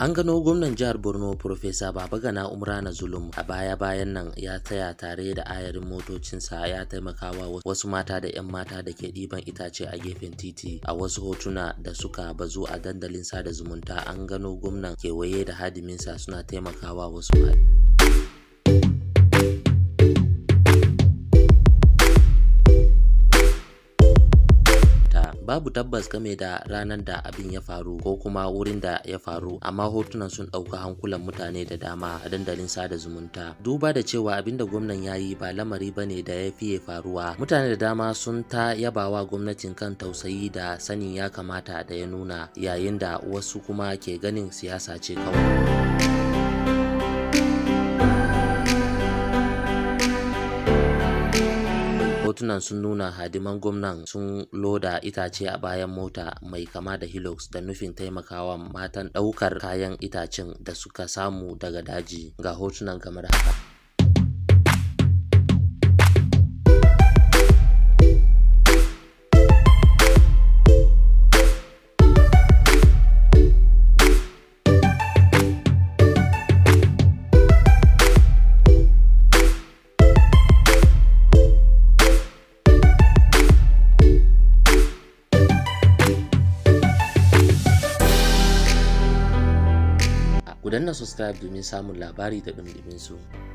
An gano gwamnan jihar Borno Profesa Babagana na Zulum a baya-bayan nan ya tsaya tare da ayarin motocinsa ya taimakawa wasu mata da 'yan mata da ke ɗiban itace a gefen titi. A wasu hotuna da suka bazu a dandalin sada zumunta an gano gwamnan kewaye da hadiminsa suna taimakawa wasu mata. babu tabbas game da ranar da abin ya faru ko kuma wurin da ya faru amma hotunan sun ɗauka hankulan mutane da dama a dandalin sada zumunta duba da cewa abin da gwamnan ya yi ba lamari ba ne da ya fiye faruwa mutane da dama sun ta yabawa gwamnatin kan tausayi da sanin ya kamata da ya nuna yayin da wasu kuma ke ganin siyasa ce kawai Hotunan sun nuna hadiman gwamnan sun loda itace a bayan mota mai kama da Hilux da nufin taimakawa matan ɗaukar kayan itacen da suka samu daga daji. Ga hotunan kamar haka. ku danna subscribe domin samun labari da ɗumɗuminsu. su